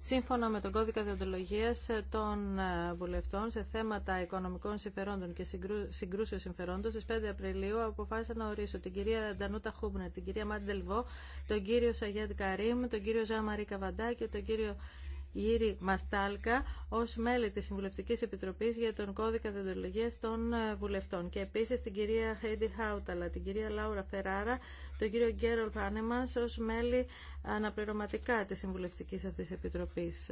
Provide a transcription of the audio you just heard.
Σύμφωνα με τον κώδικα διοντολογία των ε, βουλευτών σε θέματα οικονομικών συμφερόντων και συγκρούσεων συμφερόντων, στι 5 Απριλίου αποφάσισα να ορίσω την κυρία Ντανούτα Χούμπνερ, την κυρία Μάντελβο, τον κύριο Σαγιάντ Καρύμ τον κύριο Ζαμαρί Καβαντά και τον κύριο Γύρι Μαστάλκα ω μέλη τη Συμβουλευτική Επιτροπή για τον Κώδικα Διοντολογία των ε, Βουλευτών και επίση την κυρία Χέιντι Χάουταλα, την κυρία Λάουρα Φεράρα, τον κύριο Γκέρολ Φάνεμα ως μέλη αναπληρωματικά της Συμβουλευτικής αυτής Επιτροπής.